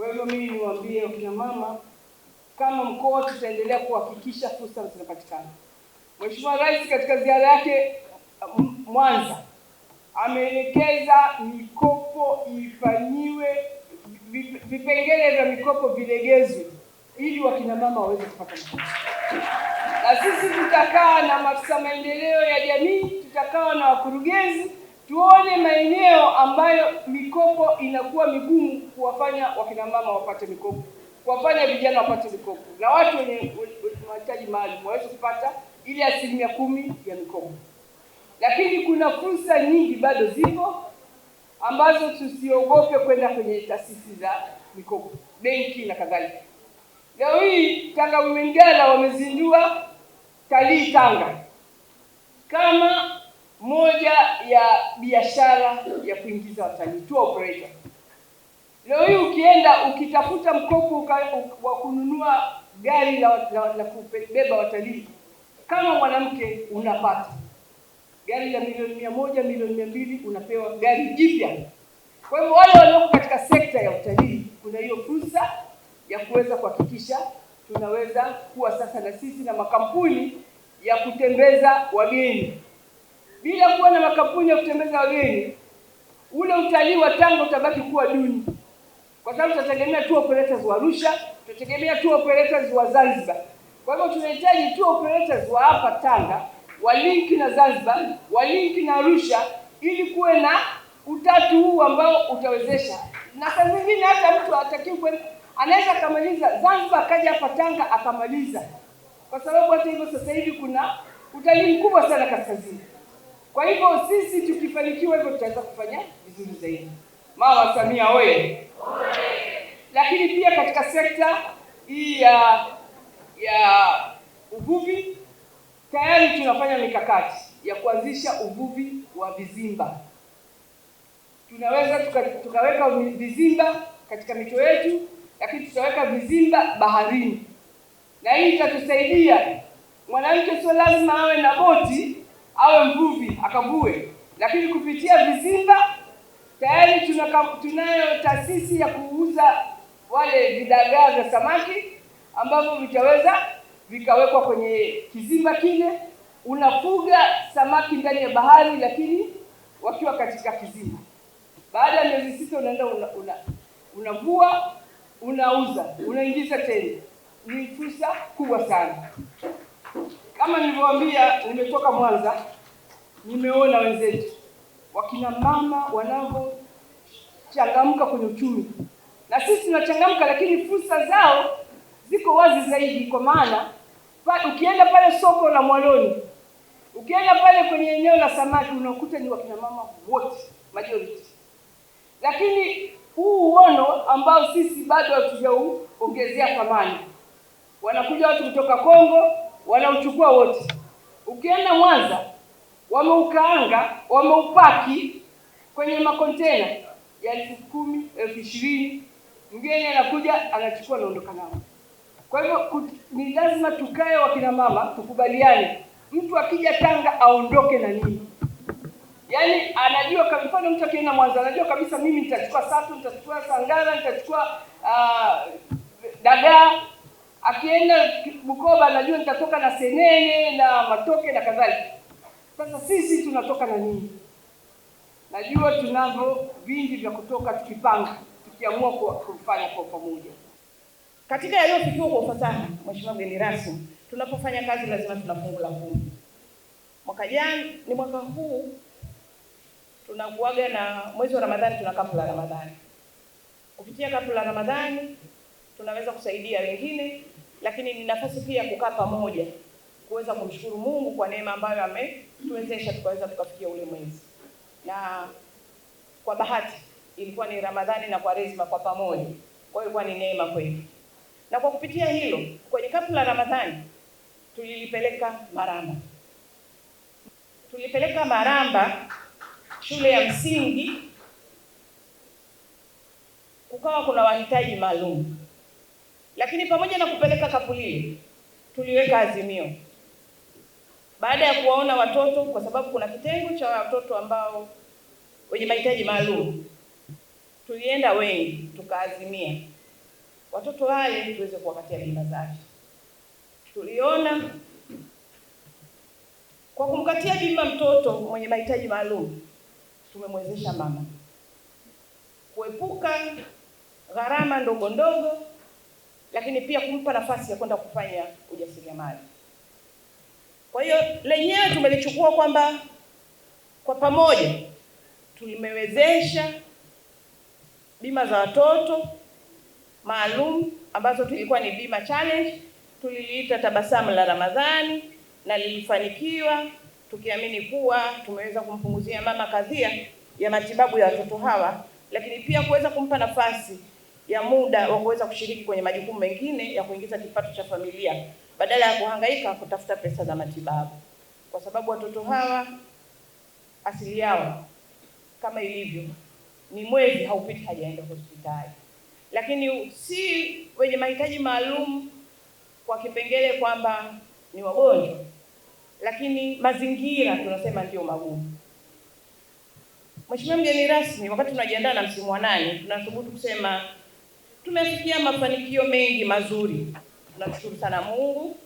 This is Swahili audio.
Kwa hivyo mimi niwaambie wakina mama, kama mkoa tutaendelea kuhakikisha fursa zinapatikana. Mheshimiwa Rais katika ziara yake Mwanza ameelekeza mikopo ifanyiwe, vipengele vya mikopo vilegezwe ili wakina mama waweze kupata mikopo, na sisi tutakaa na maafisa maendeleo ya jamii, tutakaa na wakurugenzi tuone maeneo ambayo mikopo inakuwa migumu kuwafanya wakina mama wapate mikopo, kuwafanya vijana wapate mikopo, na watu wenye mahitaji maalum waweze kupata ile asilimia kumi ya mikopo. Lakini kuna fursa nyingi bado zipo ambazo tusiogope kwenda kwenye taasisi za mikopo, benki na kadhalika. Leo hii Tanga Women Gala wamezindua Talii Tanga kama moja ya biashara ya kuingiza watalii tour operator. Leo hii ukienda ukitafuta mkopo wa kununua gari la, la, la kubeba watalii kama mwanamke unapata gari la milioni mia moja milioni mia mbili unapewa gari jipya. Kwa hivyo wale walioko katika sekta ya utalii, kuna hiyo fursa ya kuweza kuhakikisha tunaweza kuwa sasa na sisi na makampuni ya kutembeza wageni. Bila kuwa na makampuni ya kutembeza wageni, ule utalii wa Tanga utabaki kuwa duni, kwa sababu tutategemea tu operators wa Arusha, tutategemea tu operators wa Zanzibar. Kwa hivyo tunahitaji tu operators wa hapa Tanga walinki na Zanzibar, walinki na Arusha, ili kuwe na utatu huu ambao utawezesha. Na kazi nyingine. hata mtu hatakiwi kwenda, anaweza akamaliza Zanzibar akaja hapa Tanga akamaliza, kwa sababu hata hivyo sasa hivi kuna utalii mkubwa sana kaskazini. Kwa hivyo sisi tukifanikiwa hivyo tutaweza kufanya vizuri zaidi. Mama Samia oye! Lakini pia katika sekta hii ya ya uvuvi tayari tunafanya mikakati ya kuanzisha uvuvi wa vizimba. Tunaweza tuka, tukaweka vizimba katika mito yetu, lakini tutaweka vizimba baharini, na hii itatusaidia mwanamke, sio lazima awe na boti awe mvuvi akavue, lakini kupitia vizimba tayari tunayo taasisi ya kuuza wale vidagaa vya samaki ambavyo vitaweza vikawekwa kwenye kizimba kile, unafuga samaki ndani ya bahari, lakini wakiwa katika kizimba. Baada ya miezi sita unaenda unavua, una, una unauza, unaingiza tena. Ni fursa kubwa sana. Kama nilivyowaambia, nimetoka Mwanza, nimeona wenzetu wakina mama wanavyochangamka kwenye uchumi, na sisi tunachangamka, lakini fursa zao ziko wazi zaidi, kwa maana pa, ukienda pale soko la Mwaloni, ukienda pale kwenye eneo la samaki unakuta ni wakina mama wote majority, lakini huu uono ambao sisi bado hatujauongezea thamani, wanakuja watu kutoka Kongo wanauchukua wote. Ukienda Mwanza wameukaanga, wameupaki kwenye makontena ya elfu kumi, elfu ishirini. Mgeni anakuja anachukua, anaondoka nao. Kwa hivyo ni lazima tukae, wakina mama, tukubaliane, mtu akija Tanga aondoke na nini Yaani anajua kwa mfano mtu akienda Mwanza anajua kabisa mimi nitachukua sato, nitachukua sangara, nitachukua uh, dagaa akienda Bukoba najua nitatoka na senene na matoke na kadhalika. Sasa sisi tunatoka na nini? Najua tunavyo vingi vya kutoka tukipanga, tukiamua kufanya kwa pamoja katika yaliyofikiwa kwa ufasaha. Mheshimiwa mgeni rasmi, tunapofanya kazi lazima tunafungula la kumi. Mwaka jana ni mwaka huu tunakuaga na mwezi wa Ramadhani, tuna kapu la Ramadhani. Kupitia kapu la Ramadhani tunaweza kusaidia wengine lakini ni nafasi pia kukaa pamoja kuweza kumshukuru Mungu kwa neema ambayo ametuwezesha tukaweza tukafikia ule mwezi, na kwa bahati ilikuwa ni Ramadhani na Kwaresma kwa pamoja, kwa hiyo ilikuwa ni neema kwetu. Na kwa kupitia hilo, kwenye kapu la Ramadhani tulilipeleka Maramba, tulipeleka Maramba shule ya msingi, kukawa kuna wahitaji maalum lakini pamoja na kupeleka kapu lile, tuliweka azimio baada ya kuwaona watoto, kwa sababu kuna kitengo cha watoto ambao wenye mahitaji maalum, tulienda wengi, tukaazimia watoto wale tuweze kuwakatia bima za afya. Tuliona kwa kumkatia bima mtoto mwenye mahitaji maalum tumemwezesha mama kuepuka gharama ndogo ndogo lakini pia kumpa nafasi ya kwenda kufanya ujasiriamali. Kwa hiyo lenyewe tumelichukua kwamba kwa pamoja tulimewezesha bima za watoto maalum ambazo tulikuwa ni bima challenge, tuliliita tabasamu la Ramadhani na lilifanikiwa, tukiamini kuwa tumeweza kumpunguzia mama kadhia ya matibabu ya watoto hawa, lakini pia kuweza kumpa nafasi ya muda wa kuweza kushiriki kwenye majukumu mengine ya kuingiza kipato cha familia badala ya kuhangaika kutafuta pesa za matibabu, kwa sababu watoto hawa asili yao kama ilivyo ni mwezi haupiti hajaenda hospitali. Lakini si wenye mahitaji maalum kwa kipengele kwamba ni wagonjwa, lakini mazingira tunasema ndio magumu. Mheshimiwa mgeni rasmi, wakati tunajiandaa na msimu wa nane tunathubutu kusema tumefikia mafanikio mengi mazuri. Tunashukuru sana Mungu